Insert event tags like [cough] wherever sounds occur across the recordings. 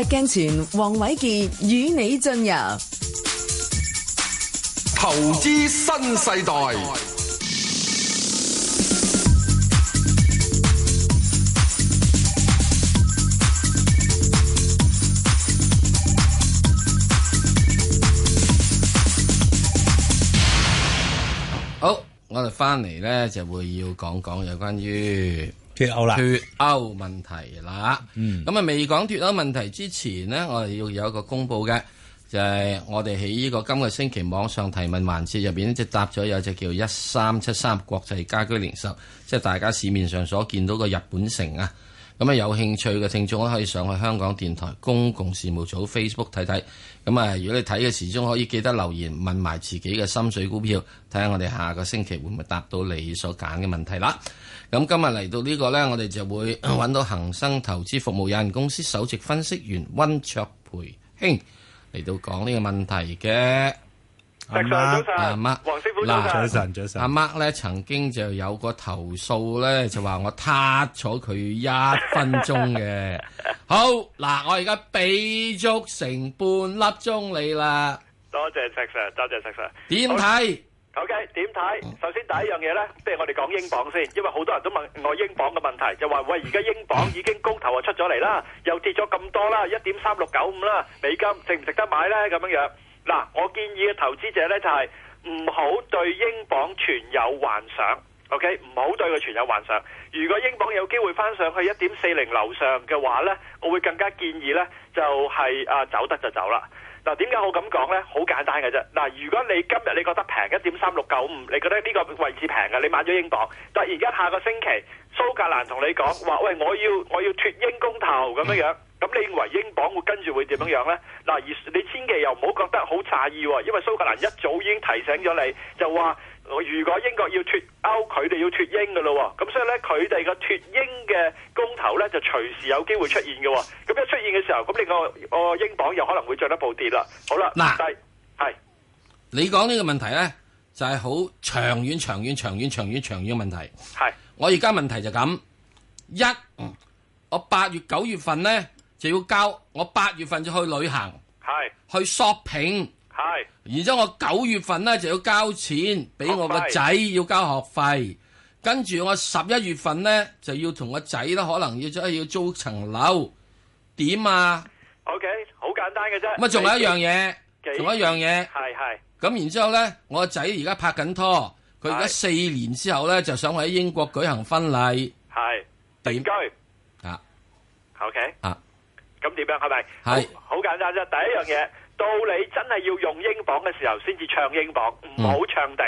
石鏡前，黃偉傑與你進入投資新世代。世代好，我哋翻嚟咧，就會要講講有關於。脫歐啦，脫歐問題啦。咁啊， [noise] 未講脫歐問題之前咧，我哋要有一個公布嘅，就係、是、我哋喺呢個今個星期網上提問環節入邊咧，即、就是、答咗有隻叫一三七三國際家居零售，即、就、係、是、大家市面上所見到個日本城啊。咁啊、嗯，有興趣嘅聽眾可以上去香港電台公共事務組 Facebook 睇睇。咁、嗯、啊，如果你睇嘅時鐘可以記得留言問埋自己嘅心水股票，睇下我哋下個星期會唔會答到你所揀嘅問題啦。咁、嗯、今日嚟到呢個呢，我哋就會揾到恒生投資服務有限公司首席分析員溫灼培兄嚟到講呢個問題嘅。係啦，阿媽媽，嗱，早晨，早晨，啊，阿媽咧，曾經就有個投訴咧，就話我撻咗佢一分鐘嘅。 [laughs] 好，嗱，啊，我而家俾足成半粒鐘你啦。多謝石 Sir，多謝石 Sir。點睇體？OK，點睇？首先第一樣嘢咧，即係我哋講英鎊先，因為好多人都問我英鎊嘅問題，就話喂，而家英鎊已經高頭啊出咗嚟啦，又跌咗咁多啦，一點三六九五啦，美金值唔值得買咧？咁樣樣。嗱，我建議嘅投資者咧就係唔好對英鎊存有幻想，OK？唔好對佢存有幻想。如果英鎊有機會翻上去一點四零樓上嘅話咧，我會更加建議咧就係、是、啊走得就走啦。嗱，點解我咁講呢？好簡單嘅啫。嗱，如果你今日你覺得平一點三六九五，你覺得呢個位置平嘅，你買咗英鎊。但係而家下個星期，蘇格蘭同你講話，喂，我要我要脫英公投咁樣樣，咁你認為英鎊會跟住會點樣樣呢？嗱，而你千祈又唔好覺得好詫異喎，因為蘇格蘭一早已經提醒咗你，就話如果英國要脫歐，佢哋要脫英嘅咯，咁所以呢，佢哋嘅脫英嘅公投呢，就隨時有機會出現嘅。咁出現嘅時候，咁你個個英鎊又可能會進一步跌啦。好啦，嗱，係你講呢個問題咧，就係、是、好長遠、長遠、長遠、長遠、長遠嘅問題。係的，我而家問題就咁一，我八月九月份咧就要交，我八月份就去旅行，係的去 shopping，係的，然之後我九月份咧就要交錢俾我個仔要交學費，跟住費我十一月份咧就要同個仔咧可能要再要租層樓。點啊？OK，好簡單嘅啫。咁啊，仲有一樣嘢，仲有一樣嘢。係係。咁然之後咧，我仔而家拍緊拖，佢而家四年之後咧，就想喺英國舉行婚禮。係定居啊？OK 啊？咁點樣？係咪？係好簡單啫。第一樣嘢，到你真係要用英鎊嘅時候，先至唱英鎊，唔好唱定。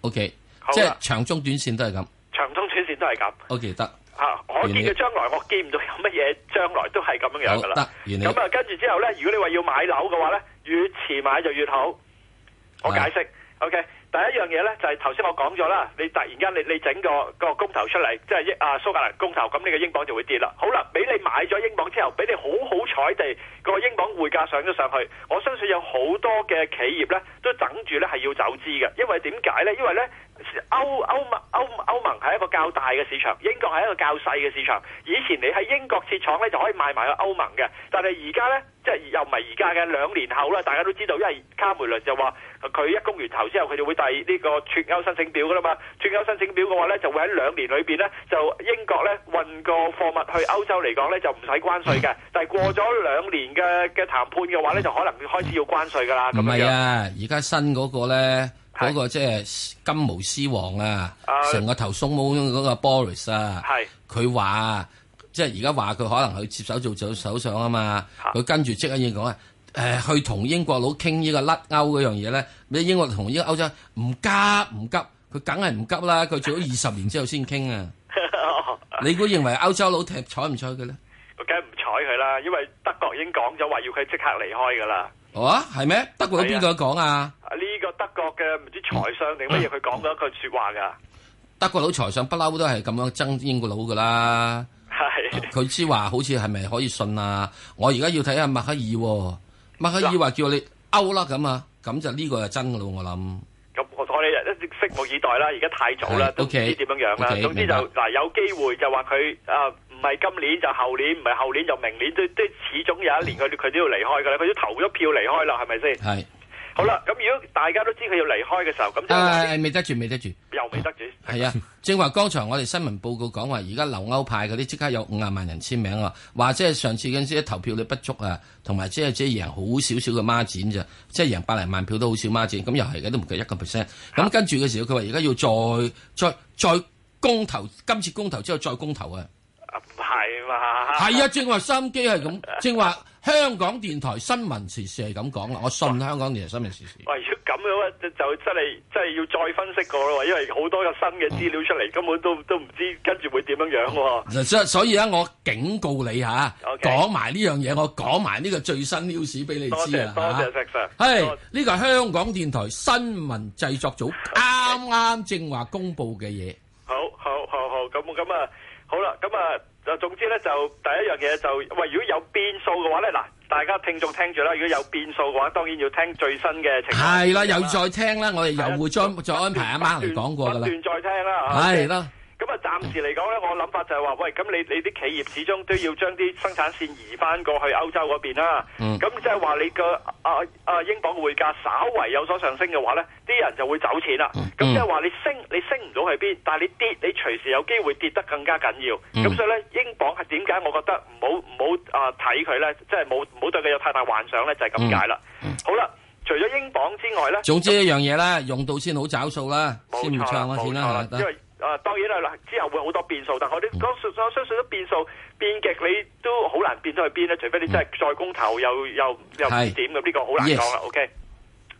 OK，即係長中短線都係咁。長中短線都係咁。OK，得。吓、啊！我見嘅將來，來我見唔到有乜嘢將來都係咁樣樣噶啦。咁啊，跟住之後咧，如果你話要買樓嘅話咧，越遲買就越好。我解釋、啊、，OK。第一樣嘢咧就係頭先我講咗啦，你突然間你你整個個公投出嚟，即係英啊蘇格蘭公投，咁你個英鎊就會跌啦。好啦，俾你買咗英鎊之後，俾你好好彩地個英鎊匯價上咗上去，我相信有好多嘅企業咧都等住咧係要走資嘅，因為點解咧？因為咧。歐歐盟歐歐盟係一個較大嘅市場，英國係一個較細嘅市場。以前你喺英國設廠咧，就可以賣埋去歐盟嘅。但係而家咧，即係又唔係而家嘅，兩年後啦，大家都知道，因為卡梅倫就話佢一攻完頭之後，佢就會遞呢個脫歐申請表噶啦嘛。脫歐申請表嘅話咧，就會喺兩年裏邊咧，就英國咧運個貨物去歐洲嚟講咧，就唔使關稅嘅。但係過咗兩年嘅嘅談判嘅話咧，就可能開始要關稅噶啦。唔係啊，而家新個咧。嗰個即係金毛獅王啊，成、uh, 個頭鬆毛嗰個 Boris 啊，佢話是即係而家話佢可能去接手做做首相啊嘛，佢、uh, 跟住即刻已經講啊，誒，去同英國佬傾呢個甩歐嗰樣嘢咧，你英國同依個歐洲唔急唔急，佢梗係唔急啦，佢做咗二十年之後先傾啊， [laughs] 你估認為歐洲佬踢睬唔睬佢咧？佢梗係唔睬佢啦，因為德國已經講咗話要佢即刻離開噶啦。哦、啊，係咩？德國邊個講啊？ [laughs] 德國嘅唔知財相定乜嘢，佢講咗一句說話噶。德國佬財相不嬲都係咁樣憎英國佬噶啦，係佢之話好似係咪可以信啊？我而家要睇下默克爾，默克爾話叫你歐啦咁啊，咁就呢個係真噶咯，我諗。咁我我哋一直拭目以待啦，而家太早啦，都唔知點樣樣啦。總之就嗱，有機會就話佢啊，唔係今年就後年，唔係後年就明年，都都始終有一年佢佢都要離開噶啦，佢都投咗票離開啦，係咪先？係。好啦，咁如果大家都知佢要離開嘅時候，咁就係未、哎、得住，未得住，又未得住，係啊！啊 [laughs] 正話剛才我哋新聞報告講話，而家留歐派嗰啲即刻有五廿萬人簽名啊！話即係上次嗰陣時投票率不足啊，同埋即係只係贏好少少嘅孖展咋，即、就、係、是、贏百零萬票都好少孖展，咁又係嘅，都唔夠一個 percent。咁、啊、跟住嘅時候，佢話而家要再再再公投，今次公投之後再公投啊！唔係嘛？係啊，啊！正話心機係咁，正話。 [laughs] 香港電台新聞時事係咁講啦，我信香港電台新聞時事。喂，咁樣就真係真係要再分析過咯，因為好多個新嘅資料出嚟，根本都都唔知跟住會點樣樣、啊。Okay. 所以咧，我警告你吓，講埋呢樣嘢，我講埋呢個最新 news 俾你知啊。多謝、啊、多謝 Sir 是。係謝，呢個香港電台新聞製作組啱啱正話公布嘅嘢。好，好，好，好，咁咁啊，好啦，咁啊。就總之咧，就第一樣嘢就喂，如果有變數嘅話咧，嗱，大家聽眾聽住啦。如果有變數嘅話，當然要聽最新嘅情況。係啦，又再聽啦，我哋又會再再安排阿的、啊、媽嚟講過噶啦。不斷再聽啦。係咯的。Okay. 暫時嚟講咧，我諗法就係話，喂，咁你你啲企業始終都要將啲生產線移翻過去歐洲嗰邊啦。咁即係話你個啊啊英鎊嘅匯價稍為有所上升嘅話咧，啲人就會走錢啦。咁即係話你升你升唔到去邊，但係你跌你隨時有機會跌得更加緊要。咁所以咧，英鎊係點解我覺得唔好唔好啊睇佢咧，即係冇唔好對佢有太大幻想咧，就係咁解啦。好啦，除咗英鎊之外咧，總之一樣嘢咧，用到先好找數啦，先唔唱先啦，啊，當然啦！嗱，之後會好多變數，但係我哋講所相信啲變數變極，你都好難變到去邊咧。除非你真係再公投又，又又又唔知點，噉呢是個好難講啦。Yes. OK，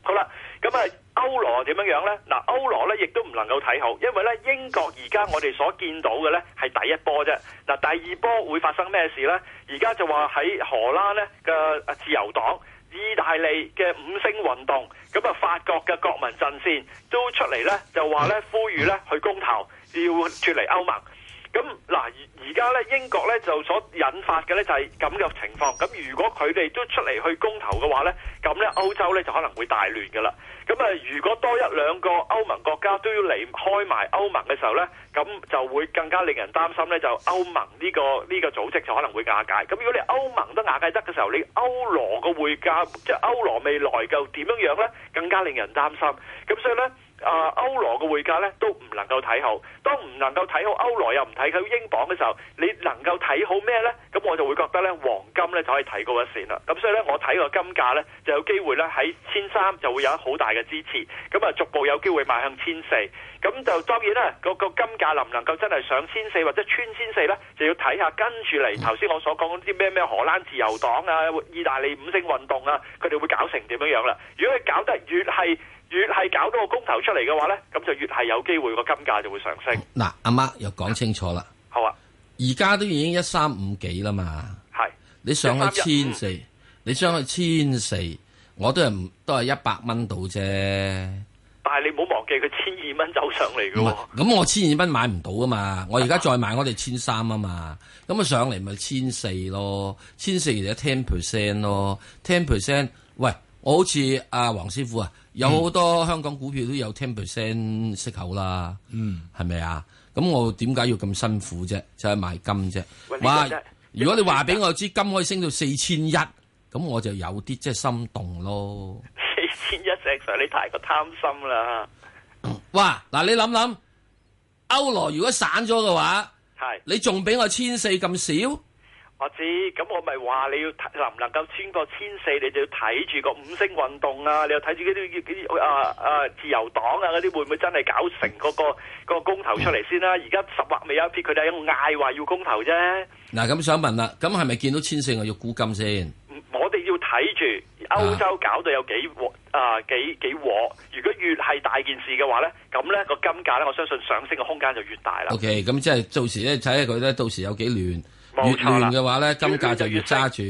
好啦，咁啊，歐羅點樣樣咧？嗱，歐羅咧亦都唔能夠睇好，因為咧英國而家我哋所見到嘅咧係第一波啫。嗱，第二波會發生咩事咧？而家就話喺荷蘭咧嘅自由黨。意大利嘅五星運動，咁啊法國嘅國民陣線都出嚟咧，就話咧呼籲咧去公投，要脫離歐盟。咁嗱，而而家咧，英國咧就所引發嘅咧就係咁嘅情況。咁如果佢哋都出嚟去公投嘅話咧，咁咧歐洲咧就可能會大亂嘅啦。咁啊，如果多一兩個歐盟國家都要離開埋歐盟嘅時候咧，咁就會更加令人擔心咧，就歐盟呢、呢個呢、呢個組織就可能會瓦解。咁如果你歐盟都瓦解得嘅時候，你歐羅個匯價即係、即係、歐羅未來就點樣樣咧，更加令人擔心。咁所以咧。啊，歐羅嘅匯價咧都唔能夠睇好，當唔能夠睇好歐羅又唔睇佢英鎊嘅時候，你能夠睇好咩呢？咁我就會覺得呢黃金呢就可以睇高一線啦。咁所以呢，我睇個金價呢就有機會呢喺千三就會有好大嘅支持，咁啊逐步有機會邁向千四。咁就當然啦，個金價能唔能夠真係上千四或者穿千四呢？就要睇下跟住嚟頭先我所講嗰啲咩咩荷蘭自由黨啊、意大利五星運動啊，佢哋會搞成點樣樣啦？如果佢搞得越係，越係搞到個公投出嚟嘅話咧，咁就越係有機會，個金價就會上升。嗱、啊，阿媽又講清楚啦，好啊，而家都已經一三五幾啦嘛，係是你上去千四，嗯，你上去千四，我都係都係一百蚊到啫。但係你唔好忘記佢千二蚊走上嚟嘅，咁我千二蚊買唔到啊嘛，我而家再買我哋千三啊嘛，咁啊我上嚟咪千四咯，千四而家 ten percent 咯，ten percent，喂。我好似阿、啊、黃師傅啊，有好多香港股票都有 ten percent 息口啦，係咪啊？咁我點解要咁辛苦啫？就係賣金啫。哇！嘩如果你話俾我知金可以升到四千一，咁我就有啲即係心動咯。四千一 percent，你太過貪心啦！哇！嗱，你諗諗，歐羅如果散咗嘅話，係的你仲俾我千四咁少？我、啊、知，咁我咪話你要睇你能唔能夠穿過千四，你就要睇住個五星運動啊，你又睇住嗰啲啲啊啊自由黨啊嗰啲會唔會真係搞成嗰個個公投出嚟先啦？而家 [laughs] 十劃未一撇，佢哋喺度嗌話要公投啫。嗱，咁想問啦，咁係咪見到千四我要沽金先？我哋要睇住歐洲搞到有幾鑊啊，啊幾幾鑊？如果越係大件事嘅話咧，咁咧、個金價咧，我相信上升嘅空間就越大啦。O K，咁即係到時咧睇下佢咧，到時有幾亂。越亂嘅話咧，金價就越揸住。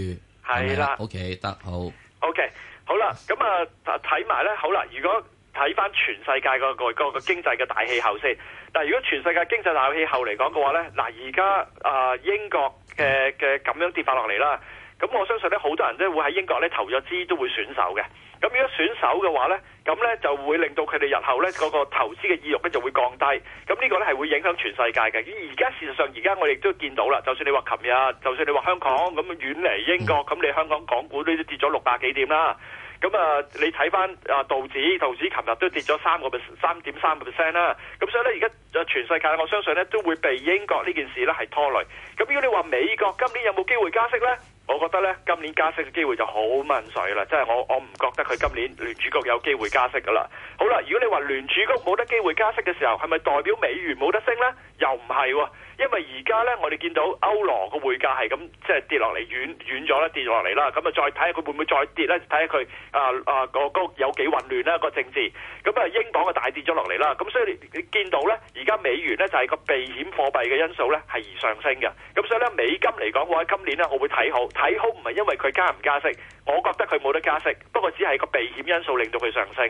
係啦，OK，得好。OK，好啦，咁啊睇埋咧，好啦。如果睇翻全世界個個個經濟嘅大氣候先，但係如果全世界經濟大氣候嚟講嘅話咧，嗱，而家啊英國嘅嘅咁樣跌法落嚟啦。咁我相信咧，好多人咧會喺英國咧投咗資都會選手嘅。咁如果選手嘅話咧，咁咧就會令到佢哋日後咧嗰、那個投資嘅意欲咧就會降低。咁呢個咧係會影響全世界嘅。而家事實上，而家我哋都見到啦。就算你話琴日，就算你話香港咁遠離英國，咁你香港港股咧都跌咗六百幾點啦。咁啊，你睇翻啊道指，道指琴日都跌咗三個三點三個 percent 啦。咁所以咧，而家全世界我相信咧都會被英國呢件事咧係拖累。咁如果你話美國今年有冇機會加息咧？我覺得咧，今年加息嘅機會就好掹水啦，即係我我唔覺得佢今年聯儲局有機會加息噶啦。好啦，如果你話聯儲局冇得機會加息嘅時候，係咪代表美元冇得升咧？又唔係喎。因為而家咧，我哋見到歐羅個匯價係咁，即係跌落嚟，遠遠咗啦，跌落嚟啦。咁啊，再睇下佢會唔會再跌咧，睇下佢啊啊，個個有幾混亂啦，個政治。咁啊，英鎊嘅大跌咗落嚟啦。咁所以你見到咧，而家美元咧就係個避險貨幣嘅因素咧係而上升嘅。咁所以咧，美金嚟講，我喺今年咧，我會睇好。睇好唔係因為佢加唔加息，我覺得佢冇得加息。不過只係個避險因素令到佢上升。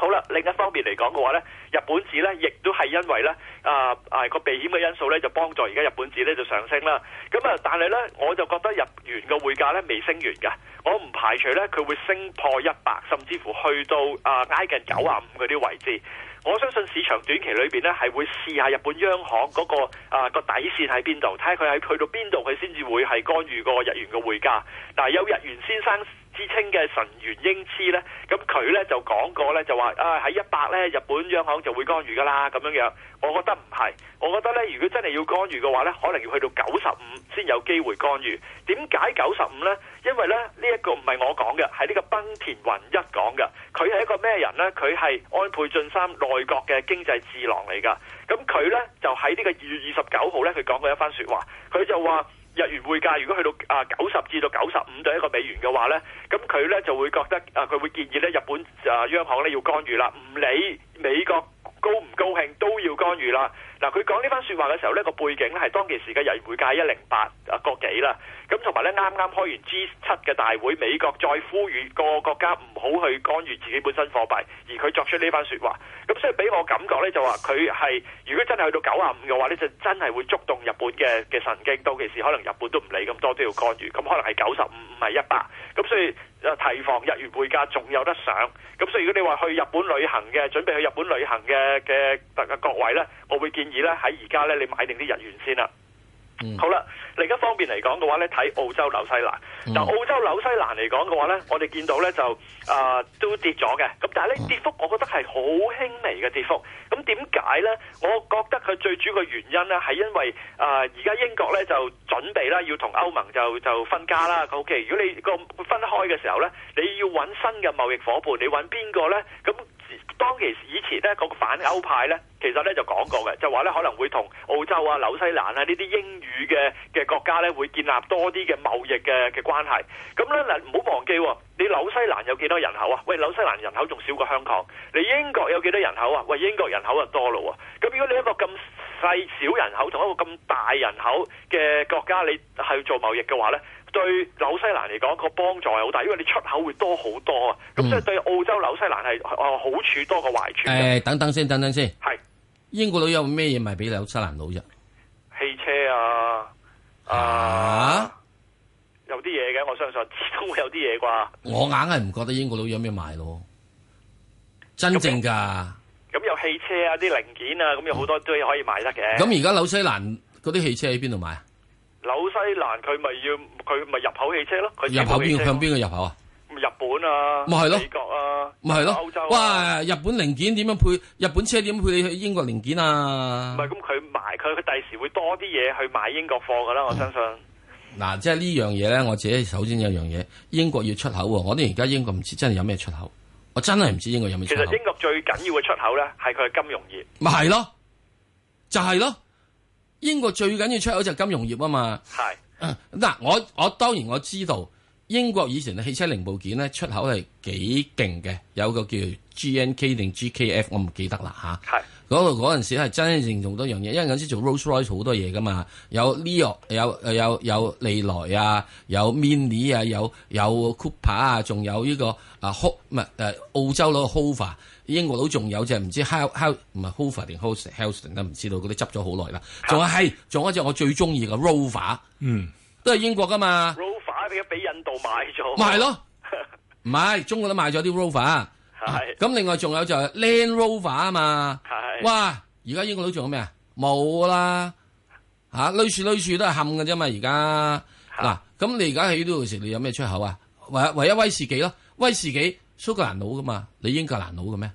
好啦，另一方面嚟講嘅話呢，日本紙呢亦都係因為呢啊啊個避險嘅因素呢，就幫助而家日本紙呢就上升啦。咁啊，但係呢，我就覺得日元嘅匯價呢未升完㗎，我唔排除呢，佢會升破一百，甚至乎去到啊挨近九啊五嗰啲位置。我相信市場短期裏邊呢，係會試下日本央行嗰個啊個底線喺邊度，睇下佢喺去到邊度佢先至會係干預個日元嘅匯價。但係，有日元先生之稱嘅榊原英資呢，咁佢呢就講過呢，就話啊喺一百呢，日本央行就會干預㗎喇咁樣樣。我覺得唔係，我覺得呢，如果真係要干預嘅話呢，可能要去到九十五先有機會干預。點解九十五呢？因為呢，呢一個唔係我講嘅，係呢個濱田宏一講嘅。佢係一個咩人呢？佢係安倍晉三內閣嘅經濟智囊嚟㗎。咁佢呢，就喺呢個二月二十九號呢，佢講過一番説話，佢就話。日元匯價如果去到啊九十至到九十五對一個美元嘅話，呢咁佢呢就會覺得啊佢會建議呢日本啊央行呢要干預啦，唔理美國高唔高興都要干預啦。嗱，佢講呢番説話嘅時候，呢個背景咧係當其時嘅日元匯價一零八啊個幾啦，咁同埋呢啱啱開完 G 七嘅大會，美國再呼籲各個國家唔好去干預自己本身貨幣，而佢作出呢番説話，咁所以俾我感覺呢，就話佢係如果真係去到九啊五嘅話呢就真係會觸動日本嘅嘅神經，當其時可能日本都唔理咁多都要干預，咁可能係九十五唔係一百，咁所以提防日元匯價仲有得上，咁所以如果你話去日本旅行嘅，準備去日本旅行嘅嘅各位呢，我會建議而咧喺而家咧，你買定啲日元先啦。嗯、好啦，另一方面嚟講嘅話咧，睇澳洲紐西蘭。嗱、嗯，澳洲紐西蘭嚟講嘅話咧，我哋見到咧就啊、呃、都跌咗嘅。咁但係咧跌幅，我跌幅呢，我覺得係好輕微嘅跌幅。咁點解咧？我覺得佢最主要嘅原因咧，係因為啊而家英國咧就準備啦，要同歐盟就就分家啦。OK，如果你個分開嘅時候咧，你要搵新嘅貿易夥伴，你搵邊個咧？咁、嗯當其以前咧，個反歐派咧，其實咧就講過嘅，就話咧可能會同澳洲啊、紐西蘭啊呢啲英語嘅嘅國家咧，會建立多啲嘅貿易嘅嘅關係。咁咧嗱，唔好忘記，哦，你紐西蘭有幾多人口啊？喂，紐西蘭人口仲少過香港。你英國有幾多人口啊？喂，英國人口就多咯。咁如果你一個咁細小人口同一個咁大人口嘅國家，你係要做貿易嘅話咧，對紐西蘭嚟講，個幫助係好大，因為你出口會多好多啊，咁所以對澳洲、紐西蘭係、呃、好處多過壞處。誒、欸，等等先，等等先。係英國佬有咩嘢賣俾紐西蘭佬啫？汽車啊，啊，啊有啲嘢嘅，我相信都會有啲嘢啩。我硬係唔覺得英國佬有咩賣咯。真正噶。咁有，有汽車啊，啲零件啊，咁有好多都可以賣得嘅。咁而家紐西蘭嗰啲汽車喺邊度買啊？紐西蘭佢咪要，佢咪入口汽車咯？佢入口邊向邊個入口啊？日本啊？咪係咯？美國啊？咪係咯？歐洲哇、啊！日本零件點樣配？日本車點配你去英國零件啊？唔係，咁佢買佢佢第時會多啲嘢去買英國貨噶啦，我相信。嗱、嗯，即係呢樣嘢咧，我自己首先有樣嘢，英國要出口喎、啊。我哋而家英國唔知真係有咩出口，我真係唔知英國有咩出口。其實英國最緊要嘅出口咧，係佢嘅金融業。咪係咯，就係、是、咯。英國最緊要出口就係金融業啊嘛，係嗱是、啊、我我當然我知道。英國以前嘅汽車零部件咧，出口係幾勁嘅，有個叫 G N K 定 G K F，我唔記得啦嚇。係嗰個嗰陣時係真正做多樣嘢，因為嗰陣時做 Rolls Royce 好多嘢噶嘛，有 Leo 有有有利來啊，有 Mini 啊，有有 Cooper 啊，仲有呢個啊 Ho 澳洲嗰個 Hova，英國佬仲有隻唔知 How How 唔係 Hova 定 Hows Heston 都唔知道，嗰啲執咗好耐啦。仲有係仲有一隻我最中意嘅 Rover，嗯，都係英國噶嘛。俾俾印度買咗，買咯？唔係， [laughs] 中國都買咗啲 Rover。係咁，另外仲有就係 Land Rover 啊嘛。係。是是 哇！而家英國佬仲有咩啊？冇啦嚇，累樹累樹都係冚㗎啫嘛。而家嗱，咁你而家喺呢度食，你有咩出口啊？唯、啊、唯一威士忌咯，威士忌蘇格蘭佬噶嘛？你英格蘭佬嘅咩？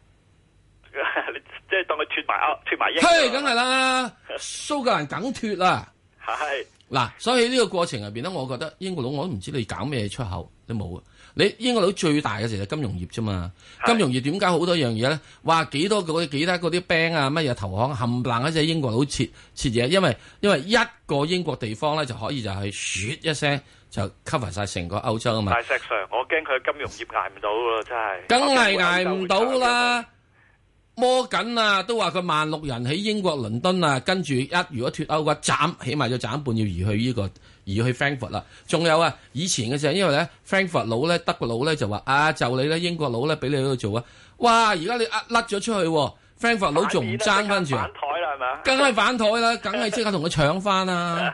你即係當佢脫埋啊，脫埋嘢。係，梗係啦，蘇格蘭梗脫啦。係、啊。啊啊嗱，所以呢個過程入邊咧，我覺得英國佬我都唔知你搞咩出口都冇啊。你英國佬最大嘅就係金融業啫嘛，是金融業點解好多樣嘢咧？哇，幾多個幾多嗰啲 bank 啊乜嘢投行冚唪唥都喺英國佬切切嘢，因為因為一個英國地方咧就可以就係雪一聲就 cover 晒成個歐洲啊嘛。大石上，我驚佢金融業捱唔到喎，真係。梗係捱唔到啦。摩根啊，都話佢萬六人喺英國倫敦啊，跟住一如果脫歐嘅話，斬，起碼要斬半，要移去呢個，移去 Frankfurt 啦。仲有啊，以前嘅時候，因為咧，Frankfurt 佬咧，德國佬咧就話啊，就你咧，英國佬咧俾你喺度做啊。哇，而家你甩咗出去，Frankfurt 佬仲唔爭翻住啊？梗係反台啦，梗係即刻同佢搶翻啊。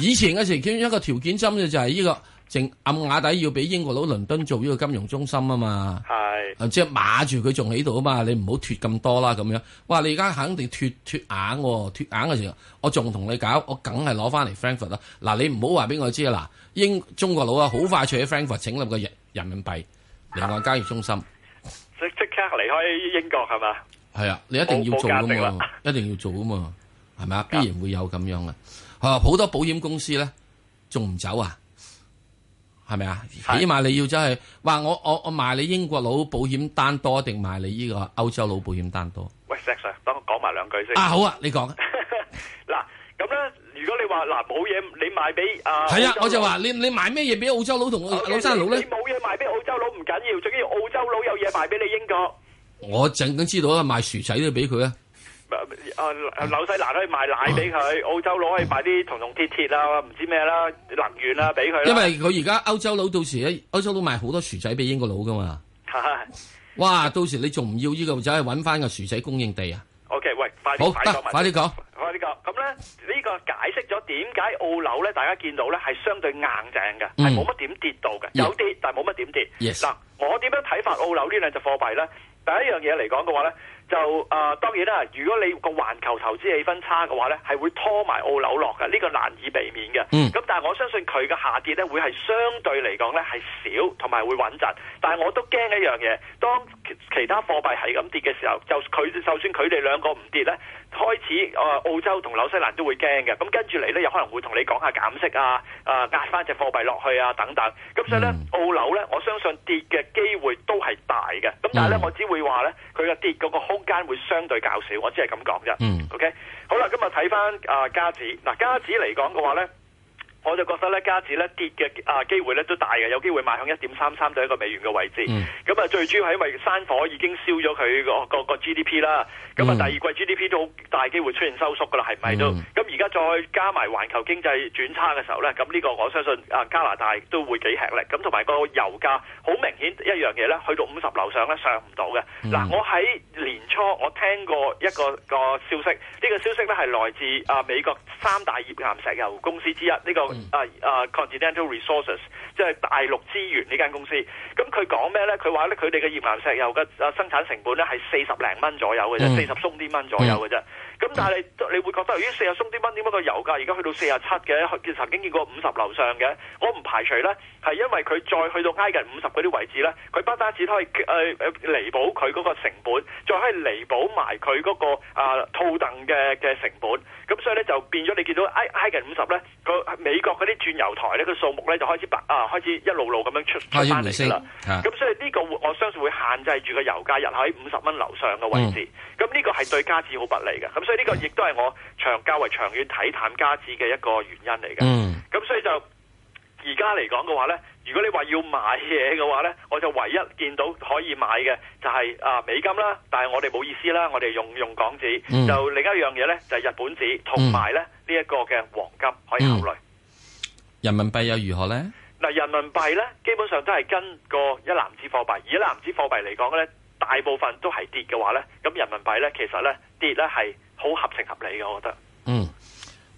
以前嘅時候，其中一個條件斟嘅就係呢個。正暗瓦底要俾英國佬倫敦做呢個金融中心啊嘛，係的即係碼住佢仲喺度啊嘛，你唔好脫咁多啦咁樣。哇，你而家肯定脫脫硬、哦，脫硬嘅時候，我仲同你搞，我梗係攞翻嚟 Frankfurt 啦。嗱，你唔好話俾我知啊，嗱英中國佬啊，好快就喺 Frankfurt 整落個人人民幣另外交易中心，即即刻離開英國係嘛？係啊，你一定要做㗎嘛，一定要做㗎嘛，係咪啊？必然會有咁樣啊。啊，好多保險公司咧仲唔走啊？係咪啊？起碼你要真係話我我我賣你英國佬保險單多，定賣你呢個歐洲佬保險單多？喂，Sir，等我講埋兩句先。啊，好啊，你講、啊。嗱、 [laughs] 啊，咁咧，如果你話嗱冇嘢，你賣俾啊？係啊，我就話你你賣咩嘢俾澳洲佬同歐洲佬咧？冇嘢、okay，你冇嘢賣俾澳洲佬唔緊要，最緊要澳洲佬有嘢賣俾你英國。我陣間知道啊，賣薯仔都俾佢啊。誒，誒，紐西蘭可以賣奶俾佢，澳洲佬可以賣啲銅銅鐵鐵啊，唔知咩啦，能源啦，俾佢。因為佢而家澳洲佬到時，澳洲佬賣好多薯仔俾英國佬噶嘛。吓！哇，到時你仲唔要呢個就係搵翻個薯仔供應地啊？OK，喂，好得，快啲講，快啲講。咁咧，呢個解釋咗點解澳紐咧，大家見到咧係相對硬淨嘅，係冇乜點跌到嘅，有跌但係冇乜點跌。嗱，我點樣睇法澳紐呢兩隻貨幣咧？第一樣嘢嚟講嘅話咧。就誒、呃、當然啦，如果你個環球投資氣氛差嘅話呢係會拖埋澳樓落嘅，呢、這個難以避免嘅。咁、嗯、但係我相信佢嘅下跌呢，會係相對嚟講呢，係少同埋會穩陣。但係我都驚一樣嘢，當其，其他貨幣係咁跌嘅時候，就佢就算佢哋兩個唔跌呢，開始誒、呃、澳洲同紐西蘭都會驚嘅。咁跟住嚟呢，有可能會同你講下減息啊，誒壓翻隻貨幣落去啊等等。咁所以呢，嗯、澳樓呢，我相信跌嘅機會都係大嘅。咁但係呢，我只會話呢，佢嘅跌嗰個空。空間、嗯、會相對較少，我只係咁講啫。嗯，OK，好啦，咁、呃、啊睇返啊加紙，嗱加紙嚟講嘅話咧，我就覺得咧加紙咧跌嘅啊機會咧都大嘅，有機會賣向一點三三到一個美元嘅位置。咁啊、嗯，最主要係因為山火已經燒咗佢個個 GDP 啦，咁啊第二季 GDP 都好大機會出現收縮噶啦，係咪都、嗯嗯而家再加埋環球經濟轉差嘅時候呢，咁呢個我相信啊加拿大都會幾吃力。咁同埋個油價好明顯一樣嘢呢，去到五十樓上呢，上唔到嘅。嗱、嗯，我喺年初我聽過一個一個消息，呢、呢個消息呢係來自啊美國三大頁岩石油公司之一呢、呢個、嗯、啊啊 Continental Resources，即係大陸資源呢間公司。咁佢講咩呢？佢話呢，佢哋嘅頁岩石油嘅生產成本呢係四十零蚊左右嘅啫，四十鬆啲蚊左右嘅啫。嗯嗯咁、嗯、但係你，你會覺得，依四十、鬆啲蚊點解個油價而家去到四十七嘅？其實曾經見過五十樓上嘅，我唔排除咧，係因為佢再去到挨近五十嗰啲位置咧，佢不單止可以誒誒、呃、彌補佢嗰個成本，再可以彌補埋佢嗰個啊套凳嘅嘅成本。咁所以咧就變咗你見到挨挨近五十咧，個美國嗰啲轉油台咧個數目咧就開始白啊，開始一路路咁樣出翻嚟啦。咁所以就係住個油價日喺五十蚊樓上嘅位置，咁呢、嗯、個係對加紙好不利嘅，咁所以呢個亦都係我長較為長遠睇淡加紙嘅一個原因嚟嘅。咁、嗯、所以就而家嚟講嘅話呢，如果你話要買嘢嘅話呢，我就唯一見到可以買嘅就係、是、啊美金啦，但係我哋冇意思啦，我哋用用港紙，嗯、就另一樣嘢呢，就係、是、日本紙，同埋呢呢一個嘅黃金可以考慮。嗯、人民幣又如何呢？人民幣咧，基本上都係跟個一籃子貨幣。而一籃子貨幣嚟講咧，大部分都係跌嘅話咧，咁人民幣咧，其實咧跌咧係好合情合理嘅，我覺得。嗯，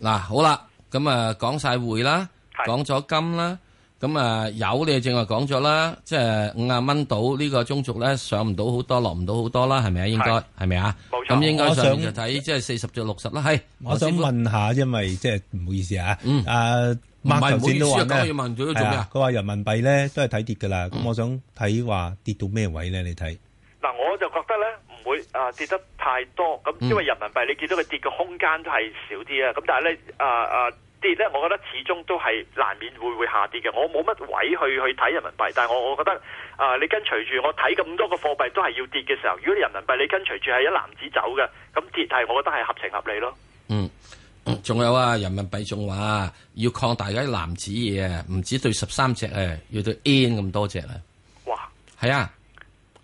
嗱，好啦，咁啊，講晒匯啦，講咗金啦，咁啊，油你正話講咗啦，即係五啊蚊到呢個中軸咧，上唔到好多，落唔到好多啦，係咪啊？應該係咪啊？冇錯。咁應該上面就睇即係四十至六十啦。係，我想問下，因為即係唔好意思啊，嗯，誒。馬頭展都話啊，佢話人民幣咧都係睇跌噶啦。咁、嗯、我想睇話跌到咩位咧？你睇嗱，我就覺得咧唔會啊、呃、跌得太多。咁因為人民幣你見到佢跌嘅空間都係少啲啊。咁但係咧啊啊跌咧，我覺得始終都係難免會會下跌嘅。我冇乜位去去睇人民幣，但係我我覺得啊、呃，你跟隨住我睇咁多個貨幣都係要跌嘅時候，如果你人民幣你跟隨住係一籃子走嘅，咁跌係我覺得係合情合理咯。仲有啊，人民幣仲話要擴大嗰啲籃子嘢啊，唔止對十三隻啊，要對 N 咁多隻啦。哇嘩，係啊，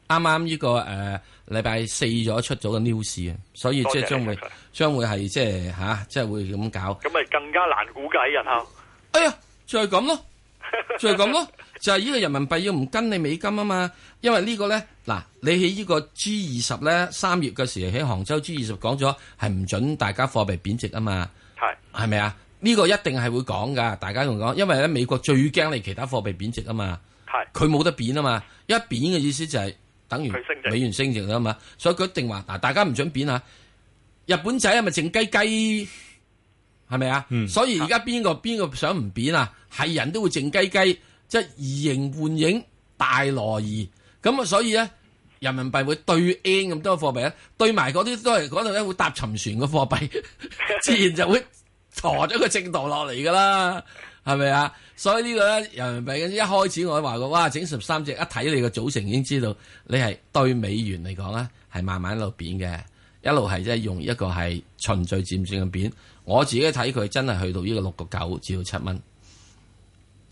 啱啱呢個誒禮拜四咗出咗個 news 啊，所以即係將會將會係即係嚇，即係會咁搞。咁咪更加難估計日後。哎呀，就係、是、咁咯，就係、是、咁咯， [laughs] 咯，就係、是、呢個人民幣要唔跟你美金啊嘛，因為個呢個咧嗱，你喺呢個 G 二十咧三月嘅時候喺杭州 G 二十講咗係唔准大家貨幣貶值啊嘛。係係咪啊？呢個一定係會講噶，大家同講，因為咧美國最驚你其他貨幣貶值啊嘛，係佢冇得貶啊嘛，一貶嘅意思就係等於美元升值啊嘛，所以佢一定話嗱，大家唔准貶啊，日本仔係咪靜雞雞係咪啊？所以而家邊個邊個想唔貶啊？係人都會靜雞雞，即係移形換影大挪移咁啊，所以咧。人民幣會兌 N 咁多貨幣咧，兌埋嗰啲都係嗰度咧會搭沉船嘅貨幣，自然就會陀咗個正舵落嚟噶啦，係咪啊？所以呢個咧，人民幣一開始我話過，哇，整十三隻一睇你個組成已經知道你係兌美元嚟講咧係慢慢一路貶嘅，一路係即係用一個係循序漸進咁貶。我自己睇佢真係去到呢個六個九至到七蚊，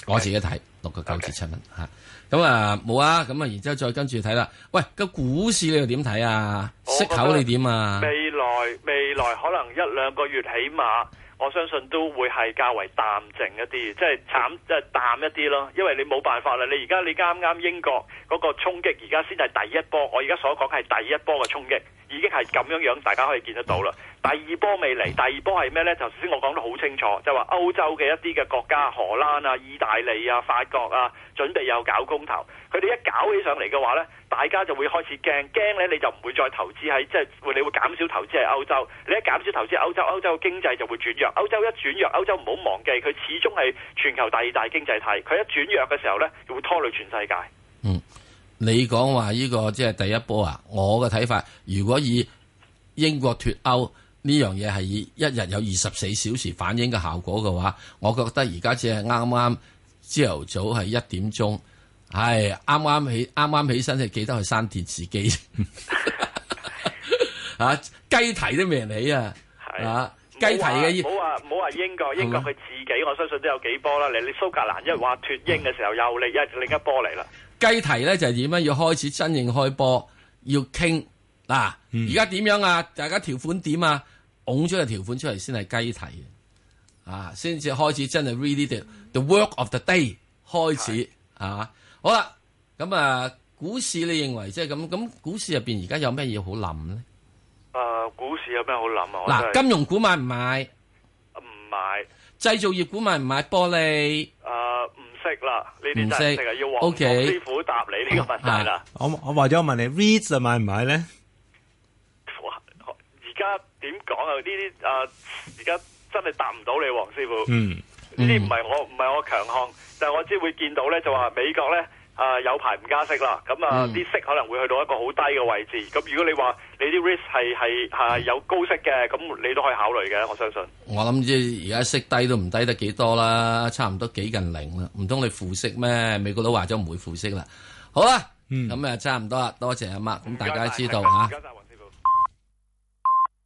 我自己睇六個九至七蚊吓。咁啊，冇啊、嗯，咁啊，然之後再跟住睇啦。喂，個股市你又點睇啊？息口你點啊？未來未來可能一兩個月起碼，我相信都會係較為淡靜一啲，即係慘即係、就是、淡一啲咯。因為你冇辦法啦，你而家你啱啱英國嗰個衝擊，而家先係第一波。我而家所講係第一波嘅衝擊，已經係咁樣樣，大家可以見得到啦。第二波未嚟，第二波係咩呢？頭先我講得好清楚，就話、是、歐洲嘅一啲嘅國家，荷蘭啊、意大利啊、法國啊。準備又搞公投，佢哋一搞起上嚟嘅話呢，大家就會開始驚，驚呢，你就唔會再投資喺，即係會你會減少投資喺歐洲，你一減少投資歐洲，歐洲嘅經濟就會轉弱，歐洲一轉弱，歐洲唔好忘記佢始終係全球第二大經濟體，佢一轉弱嘅時候呢，會拖累全世界。嗯，你講話呢個即係第一波啊，我嘅睇法，如果以英國脫歐呢樣嘢係以一日有二十四小時反映嘅效果嘅話，我覺得而家只係啱啱。朝頭早係一點鐘，係啱啱起啱啱起身，就記得去閂電視機、 [laughs] [laughs] 啊。啊，雞蹄都未起啊！係啊，雞蹄啊！唔好話唔好話英國，英國佢自己我相信都有幾波啦。你嗎蘇格蘭，因為話脱英嘅時候又嚟，又另一波嚟啦。雞蹄咧就係點樣？要開始真正開波，要傾嗱，而家點樣啊？大家條款點啊？拱出個條款出嚟先係雞蹄。啊，先至開始真係 read the the work of the day 開始係嘛，好啦，咁啊，股市你認為即係咁，咁股市入邊而家有咩嘢好諗咧？誒，股市有咩好諗啊？嗱，金融股買唔買？唔買。製造業股買唔買？玻璃誒，唔識啦。唔識。成日要話我師傅答你呢個問題。係啦。我我話咗我問你，reads 買唔買咧？而家點講啊？呢啲誒，而家。真係答唔到你，黃師傅。嗯，呢啲唔係我唔係、嗯、我強項，但、就、係、係、我只會見到咧就話美國咧啊、呃、有排唔加息啦，咁啊啲、嗯、息可能會去到一個好低嘅位置。咁如果你話你啲 risk 係係係有高息嘅，咁你都可以考慮嘅，我相信。我諗依而家息低都唔低得幾多啦，差唔多幾近零啦，唔通你負息咩？美國都話咗唔會負息啦。好啦、啊，咁啊、嗯、差唔多啦，多謝阿媽，咁大家知道嚇。